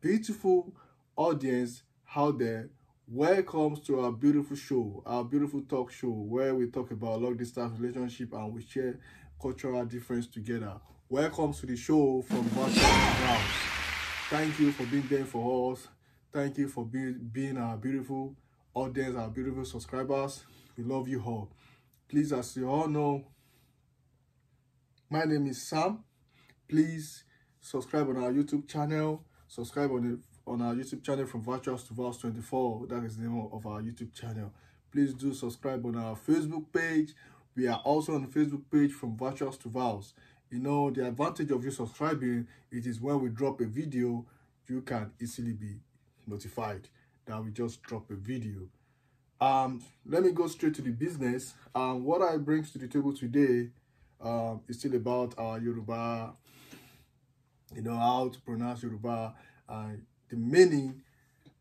beautiful audience out there, welcome to our beautiful show, our beautiful talk show, where we talk about long distance relationship and we share cultural difference together. Welcome to the show from Boston Grounds. Thank you for being there for us. Thank you for be, being our beautiful audience, our beautiful subscribers. We love you all. Please, as you all know, my name is Sam. Please subscribe on our YouTube channel subscribe on the on our youtube channel from virtuals to vows 24 that is the name of our youtube channel please do subscribe on our facebook page we are also on facebook page from virtuals to vows you know the advantage of you subscribing it is when we drop a video you can easily be notified that we just drop a video um let me go straight to the business um what i bring to the table today um is still about our yoruba you know, how to pronounce Yoruba the meaning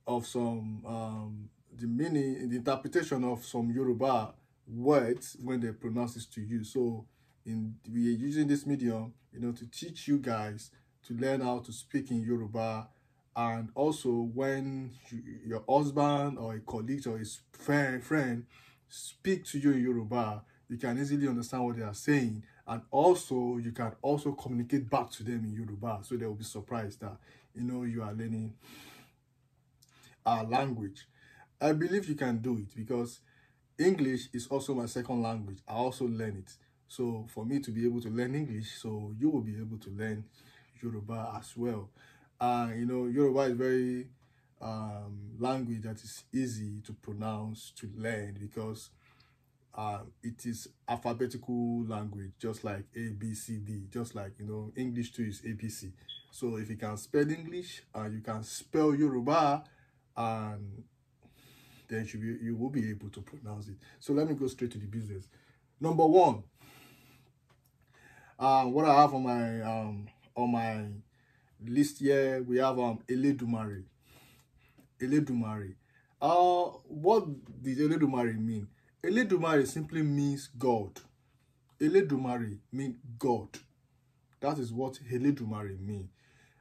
of some, um, the meaning, the interpretation of some Yoruba words when they pronounce it to you. So in we are using this medium, you know, to teach you guys to learn how to speak in Yoruba and also when you, your husband or a colleague or his friend, friend speak to you in Yoruba, you can easily understand what they are saying and also you can also communicate back to them in Yoruba so they will be surprised that you know you are learning our language I believe you can do it because English is also my second language I also learn it so for me to be able to learn English so you will be able to learn Yoruba as well and uh, you know Yoruba is very um, language that is easy to pronounce to learn because um, it is alphabetical language, just like A, B, C, D, just like, you know, English too is ABC. So if you can spell English, uh, you can spell Yoruba, and then you, be, you will be able to pronounce it. So let me go straight to the business. Number one, uh, what I have on my um, on my list here, we have um, Eledumare. Eledumare. Uh, what does Eledumare mean? Eledumare simply means God. Eledumare means God. That is what Eledumare means.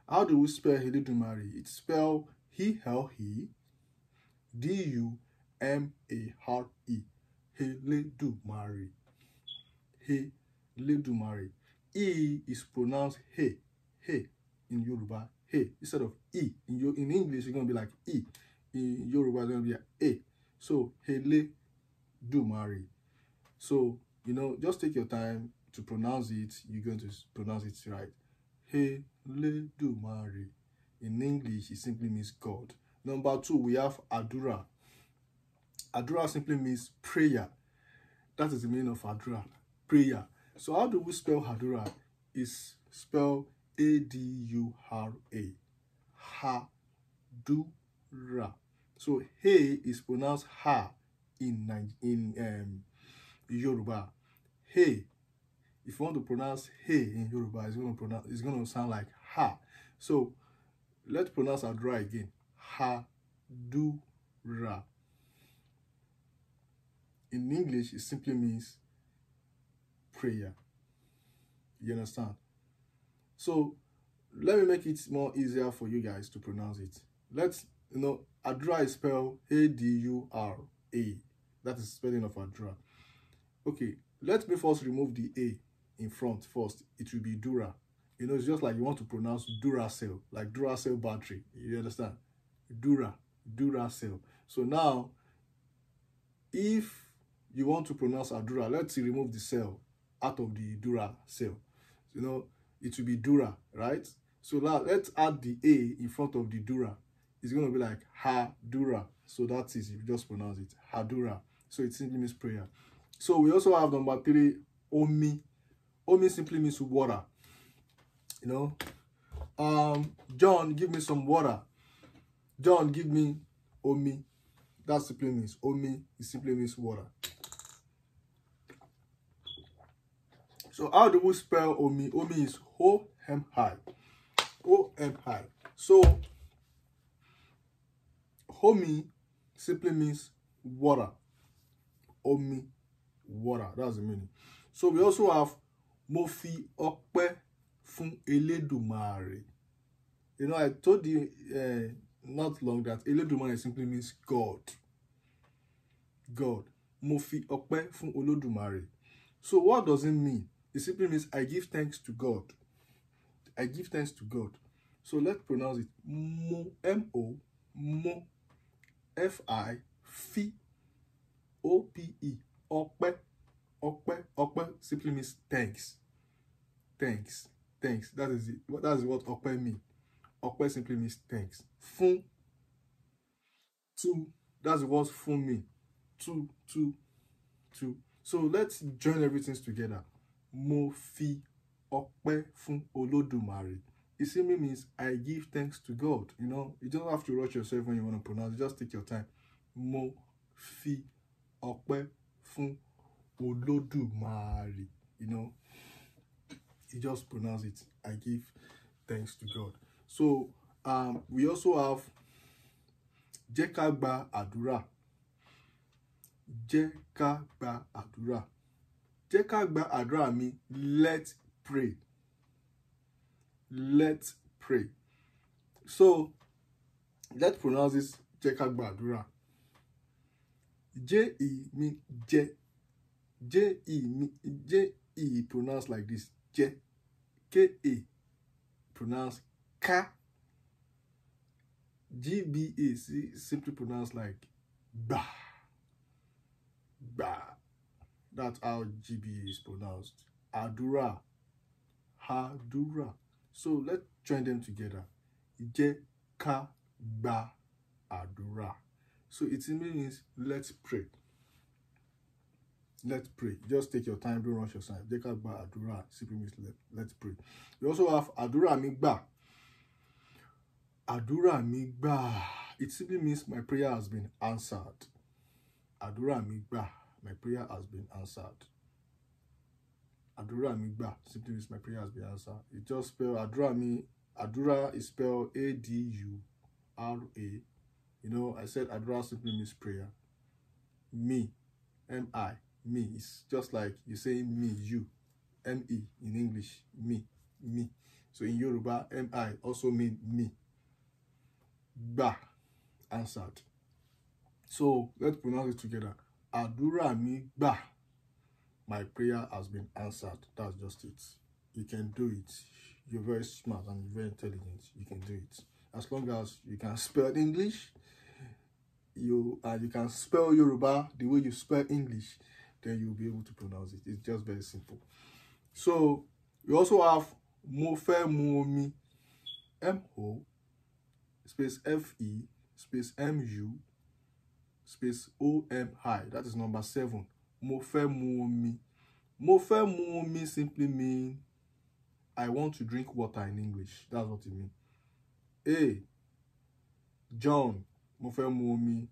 How do we spell Eledumare? It's spelled he hell he D U M A R E Eledumare. Eledumare. E is pronounced he he in Yoruba he instead of e in your in English you gonna be like e in Yoruba it's gonna be like a. So Hele do marry. So, you know, just take your time to pronounce it. You're going to pronounce it right. Hey, le do marry. In English, it simply means God. Number two, we have Adura. Adura simply means prayer. That is the meaning of Adura, prayer. So how do we spell adura? It's spelled A-D-U-R-A. ha do ra So he is pronounced ha in in um, Yoruba. Hey, if you want to pronounce hey in Yoruba, it's gonna pronounce it's gonna sound like ha. So let's pronounce Adura again. Ha do ra. In English, it simply means prayer. You understand? So let me make it more easier for you guys to pronounce it. Let's you know Adura is spelled A D U R A. That is spelling of Adura. Okay, let me first remove the A in front first. It will be Dura. You know, it's just like you want to pronounce Duracell, like Duracell battery. You understand? Dura, Duracell. So now, if you want to pronounce Adura, let's remove the cell out of the Dura cell. You know, it will be Dura, right? So now let's add the A in front of the Dura. It's going to be like Hadura. So that is, if you just pronounce it, Hadura. So it simply means prayer. So we also have number three, Omi. Omi simply means water. You know, um, John, give me some water. John, give me Omi. That simply means Omi. It simply means water. So how do we spell Omi? Omi is O M I. O M I. So Omi simply means water. omi, water. That's the meaning. So we also have mo fi ọpẹ́ fún Elédùmarè. You know, I told you uh, not long that Elédùmarè simply means God. God. Mo fi ọpẹ́ fún Olódùmarè. So what does it mean? It simply means I give thanks to God. I give thanks to God. So let's pronounce it mo m o mo f i fi ope ọpẹ́ ọpẹ́ ọpẹ́ simply means thanks thanks thanks that is the that is what ọpẹ́ mean ọpẹ́ simply means thanks Fun, to that's the word fún mi to to to so let's join everything together mo fi ọpẹ́ fún Olódùmarè it simply means I give thanks to God you know you don't have to rush yourself when you want to pronounce just take your time mo fi ọpẹ́ fún Olódùmarè. You know, he just pronounce it. I give thanks to God. So, um, we also have jẹ́ ká gba àdúrà jẹ́ ká gba àdúrà jẹ́ ká gba àdúrà mi let's pray let's pray so let's pronounce this jẹ́ ká gba àdúrà J-E mean pronounced like this. J. K-E pronounced K. G-B-A see, simply pronounced like ba ba That's how GBA is pronounced. Adura. Hadura. So let's join them together. J K B A Adura. So it means let's pray. Let's pray. Just take your time, don't rush yourself. Take ká by adura. simply means let, let's pray. We also have adura mi Adura Àdúrà It simply means my prayer has been answered. Adura mi My prayer has been answered. Adura mi simply means my prayer has been answered. It just spell adura mi. Adura is spelled A D U R A You know, I said Adura simply means prayer. Me, M I, me. It's just like you saying me, you, M E in English, me, me. So in Yoruba, M I also mean me. Ba, answered. So let's pronounce it together. Adura mi ba. My prayer has been answered. That's just it. You can do it. You're very smart and very intelligent. You can do it. As long as you can spell English, you uh, you can spell Yoruba the way you spell English, then you'll be able to pronounce it. It's just very simple. So we also have Mofe Momi, M-O, space F-E, space M-U, space O-M-I. That is number seven. Mofe Momi, Mofe Momi simply mean I want to drink water in English. That's what it means. A. John mo fẹ́ mu omi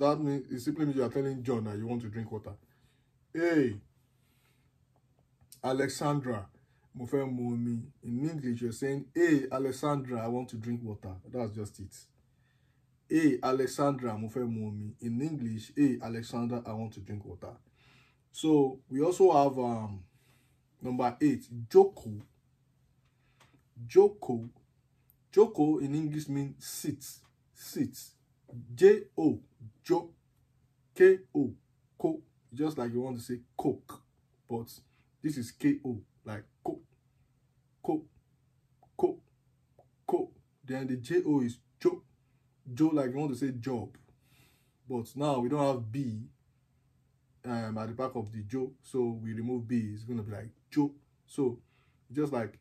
that means it simply means you are telling John that you want to drink water hey Alexandra mo fẹ́ mu omi in English you are saying hey Alexandra I want to drink water that's just it hey Alexandra mo fẹ́ mu omi in English hey Alexandra I want to drink water so we also have um, number eight Joko. Joko. Joko in English means sit, sit. J O, jo, K O, co. Just like you want to say coke, but this is K O, like coke, coke, coke, coke. Then the J O is jo, jo, like you want to say job, but now we don't have B um, at the back of the Joe. So we remove B, it's going to be like Joe. So just like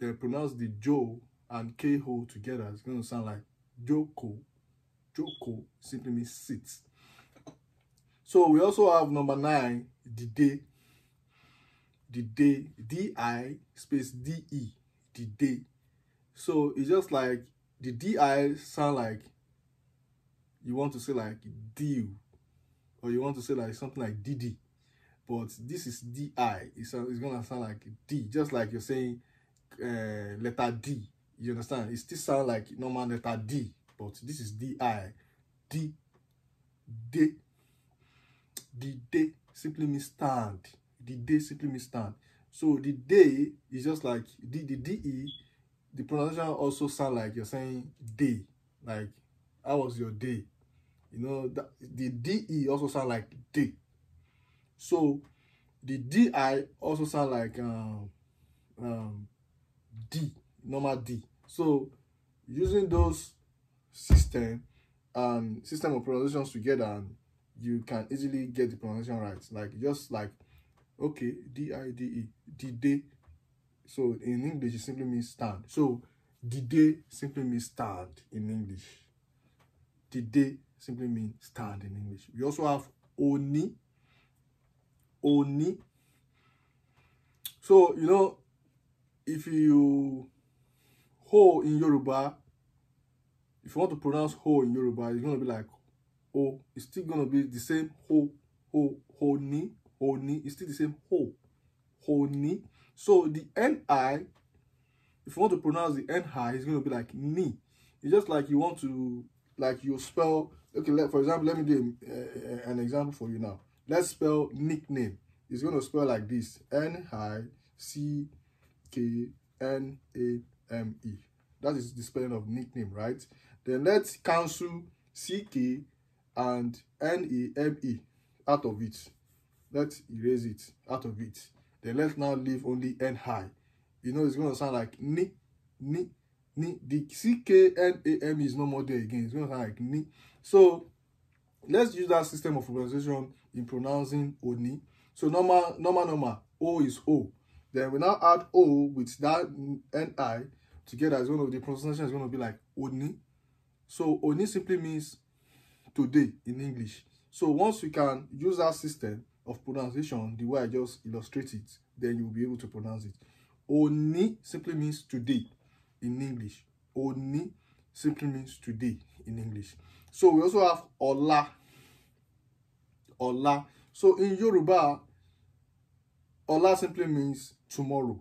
they pronounce the Joe and Keho together, it's going to sound like Joko. Joko simply means sit. So we also have number nine, the day. The day, D-I space D-E, the day. So it's just like, the D-I sound like, you want to say like deal, or you want to say like something like DD. But this is D-I, it's, it's going to sound like D, just like you're saying uh, letter D You understand? It still sound like normal letter D, but this is D-I. D, D, D, D simply means stand. The D simply means stand. So the D is just like D, the D-E, the pronunciation also sound like you're saying day. Like, how was your day? You know, that, the E also sound like day. So, the D I also sound like um, um, D, normal D. So using those system and um, system of pronunciations together, um, you can easily get the pronunciation right. Like just like okay, D I D E, D-day. So in English, it simply means stand. So D-day simply means stand in English. D-day simply means stand in English. We also have Oni. Oni. So, you know, if you ho in Yoruba, if you want to pronounce ho in Yoruba, it's going to be like o. It's still going to be the same ho, ho, ho ni, ho ni. It's still the same ho, ho ni. So the ni, if you want to pronounce the ni, it's going to be like ni. It's just like you want to, like you spell, okay, let, for example, let me do a, a, an example for you now. Let's spell nickname. It's going to spell like this, n i c k n a M-E. That is the spelling of nickname, right? Then let's cancel C-K and N-E-M-E e out of it. Let's erase it out of it. Then let's now leave only N high. You know, it's going to sound like ni, ni, ni. The C-K-N-A-M-E is no more there again. It's going to sound like ni. So, let's use that system of pronunciation in pronouncing O N I. So, normal, normal, normal. O is O. Then we now add O with that NI together. as one of the pronunciation is going to be like Oni. So Oni simply means today in English. So once you can use that system of pronunciation, the way I just illustrated, it, then you'll be able to pronounce it. Oni simply means today in English. Oni simply means today in English. So we also have Ola. Ola. So in Yoruba, Ola simply means tomorrow.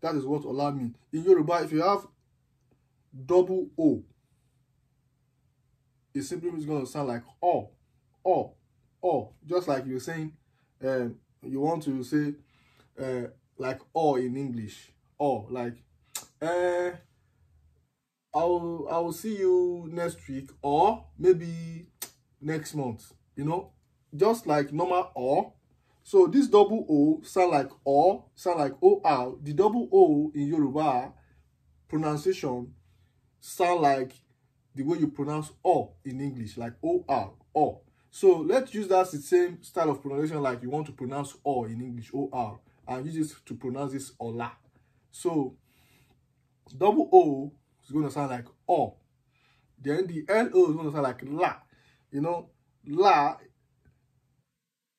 That is what Ola means. In Yoruba, if you have double O, it simply is going to sound like O, O, O. Just like you're saying, um, you want to say uh, like O in English. O, like, uh, eh, I'll, I'll see you next week or maybe next month. You know, just like normal or so this double O sound like O, sound like O out. The double O in Yoruba pronunciation sound like the way you pronounce O in English, like O out, O. So let's use that same style of pronunciation like you want to pronounce O in English, O R, and use it to pronounce this Ola. So double O is going to sound like O. Then the L O is going to sound like La. You know, La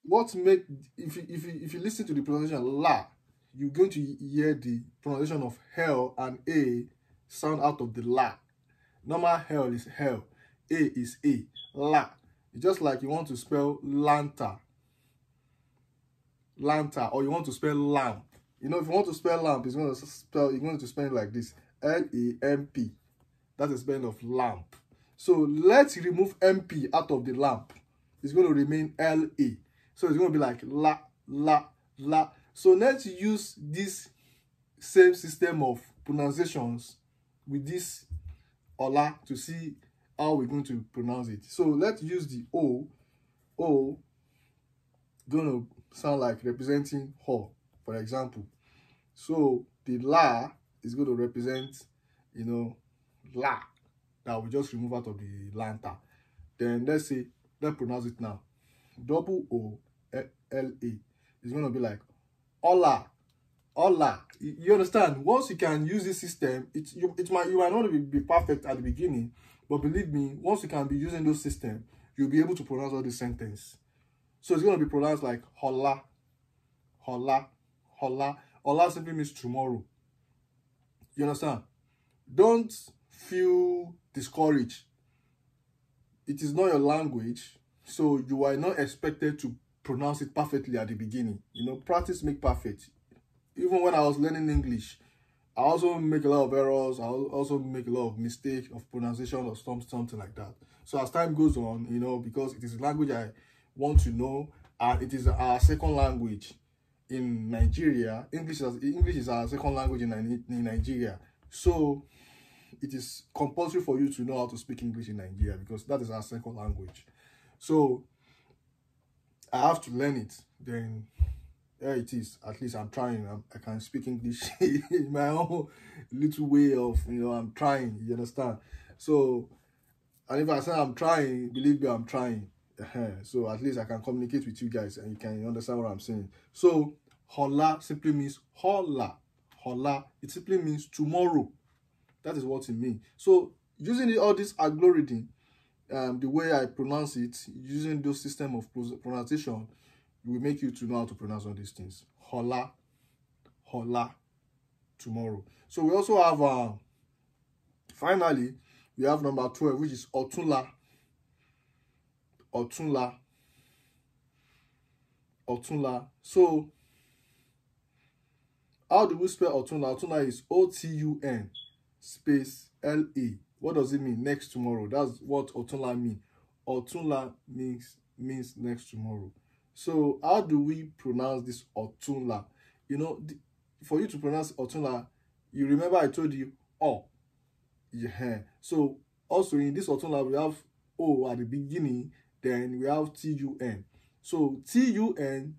what make if you, if you, if you listen to the pronunciation la, you're going to hear the pronunciation of hell and a sound out of the la. Normal hell is hell, a is a la. It's just like you want to spell lanta, lanta, or you want to spell lamp. You know, if you want to spell lamp, it's going to spell. You're going to spell it like this: L A M P. That is spelling of lamp. So let's remove MP out of the lamp. It's going to remain L A. So it's going to be like la, la, la. So let's use this same system of pronunciations with this ola to see how we're going to pronounce it. So let's use the O. O going to sound like representing ho, for example. So the la is going to represent, you know, la that we just remove out of the lanta. Then let's see, let's pronounce it now. double O L A It's going to be like Ola. Ola. You understand? Once you can use this system, it's you, it might you might not be, be perfect at the beginning, but believe me, once you can be using those system, you'll be able to pronounce all the sentence. So it's going to be pronounced like hola, hola, hola. Hola simply means tomorrow. You understand? Don't feel discouraged. It is not your language. So you are not expected to pronounce it perfectly at the beginning. You know, practice make perfect. Even when I was learning English, I also make a lot of errors. I also make a lot of mistake of pronunciation or some, something like that. So as time goes on, you know, because it is a language I want to know and it is our second language in Nigeria. English is, English is our second language in, in Nigeria. So it is compulsory for you to know how to speak English in Nigeria because that is our second language. So I have to learn it. Then there it is. At least I'm trying. I'm, i can speak English in my own little way of, you know, I'm trying. You understand? So, and if I say I'm trying, believe me, I'm trying. so at least I can communicate with you guys and you can understand what I'm saying. So, hola simply means hola. Hola, it simply means tomorrow. That is what it means. So, using all this algorithm, um, the way I pronounce it, using those system of pronunciation, will make you to know how to pronounce all these things. Hola, hola, tomorrow. So we also have, uh, finally, we have number 12, which is Otunla. Otunla. Otunla. So, how do we spell Otunla? Otunla is O-T-U-N space L-E. What does it mean? Next tomorrow. That's what Otunla mean. Otunla means means next tomorrow. So how do we pronounce this Otunla? You know, the, for you to pronounce Otunla, you remember I told you O. Yeah. So also in this Otunla we have O at the beginning, then we have T U N. So T U N.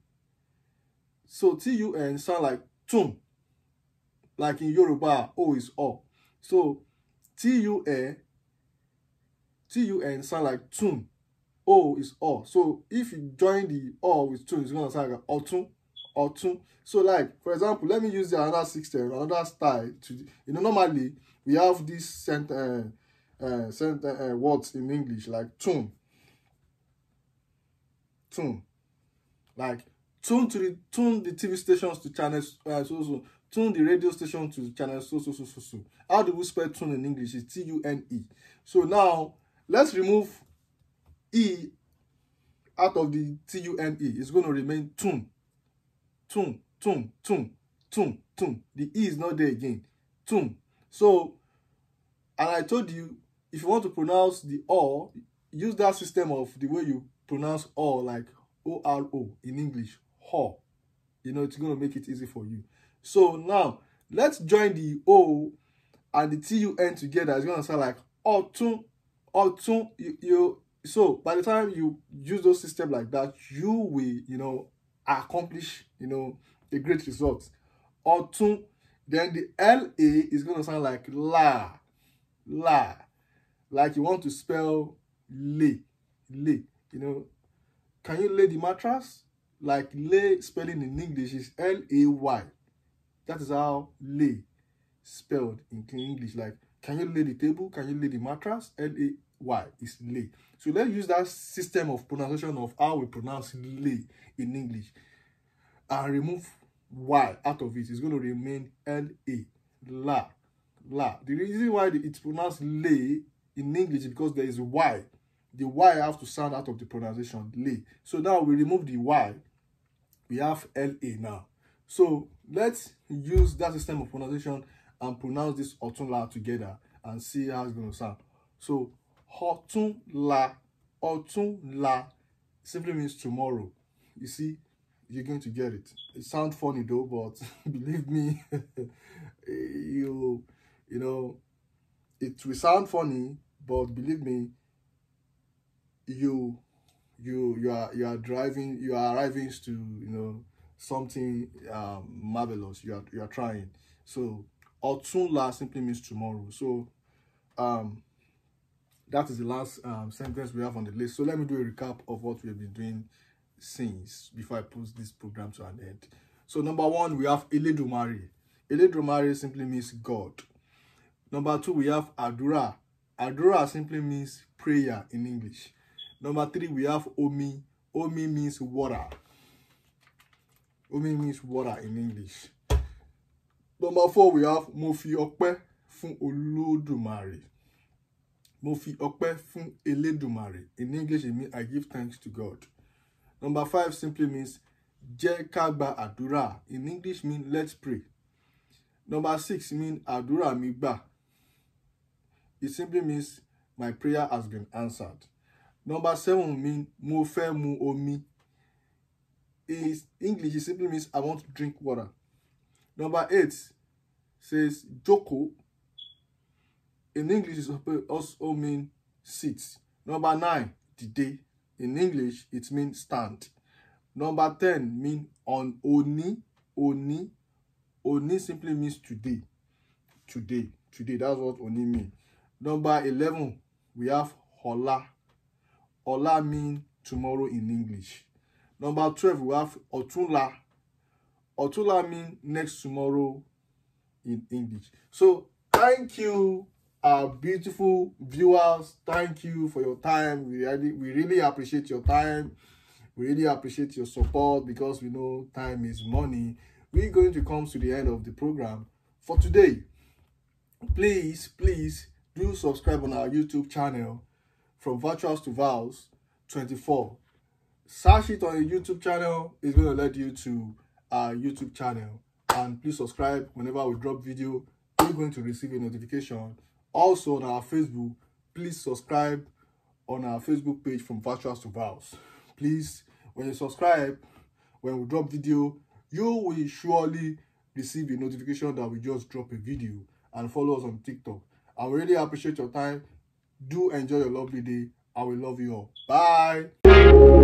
So T U N sound like tun. Like in Yoruba, O is O. So T-U-N, T-U-N sound like tune. O is O. So if you join the O with tune, it's going to sound like ọ̀tún, ọ̀tún. So like, for example, let me use the another sixteen, another style. To, you know, normally we have this sent, uh, uh, sent, uh, words in English like tune, tune. Like, tune to the, tune the TV stations to channels, uh, so, so, Tune the radio station to channel so so so so so. How do we spell tune in English? It's T U N E. So now let's remove E out of the T U N E. It's going to remain tune. Tune, tune, tune, tune, tune. The E is not there again. Tune. So, and I told you, if you want to pronounce the O, use that system of the way you pronounce O, like O R O in English, ho. You know, it's going to make it easy for you. So now, let's join the O and the T-U-N together. It's going to sound like Ọ̀tún, Ọ̀tún. You, you, so by the time you use those systems like that, you will, you know, accomplish, you know, a great result. Ọ̀tún. Then the L-A is going to sound like La, La. Like you want to spell lay, lay. You know, can you lay the mattress? like lay spelling in English is L-A-Y. That is how lay spelled in English. Like, can you lay the table? Can you lay the mattress? L-A-Y is lay. So let's use that system of pronunciation of how we pronounce lay in English and remove Y out of it. It's going to remain L-A, la, la. The reason why it's pronounced lay in English is because there is Y. The Y have to sound out of the pronunciation, lay. So now we remove the Y we have LA now. So let's use that system of pronunciation and pronounce this Otunla together and see how it's going to sound. So Otunla, Otunla simply means tomorrow. You see, you're going to get it. It sounds funny though, but believe me, you, you know, it will sound funny, but believe me, you you you are you are driving you are arriving to you know something um, marvelous you are you are trying so otunla simply means tomorrow so um that is the last um, sentence we have on the list so let me do a recap of what we've been doing since before i post this program to an end so number one we have ilidumari ilidumari simply means god number two we have adura adura simply means prayer in english Number three, we have omi. Omi means water. Omi means water in English. Number four, we have mofi okpe fun fún Olódùmarè. Mo fi ọpẹ́ fún Elédùmarè. In English, it means I give thanks to God. Number five simply means je kagba adura. In English, means let's pray. Number six means adura mi gbà. It simply means my prayer has been answered. Number seven mean mo fẹ́ mu omi. Is English it simply means I want to drink water. Number eight says joko. In English, it also mean sit. Number nine, dìde. In English, it means stand. Number ten mean on oni oni, oni simply means today. Today. Today. That's what oni mean. Number eleven, we have hola. Ola mean tomorrow in English. Number 12, we have Otula. Otula mean next tomorrow in English. So, thank you, our beautiful viewers. Thank you for your time. We really, we really appreciate your time. We really appreciate your support because we know time is money. We're going to come to the end of the program for today. Please, please do subscribe on our YouTube channel from virtuals to vows 24 search it on your youtube channel it's going to lead you to our youtube channel and please subscribe whenever we drop video you're going to receive a notification also on our facebook please subscribe on our facebook page from virtuals to vows please when you subscribe when we drop video you will surely receive a notification that we just drop a video and follow us on tiktok i really appreciate your time Do enjoy your lovely day. I will love you all. Bye.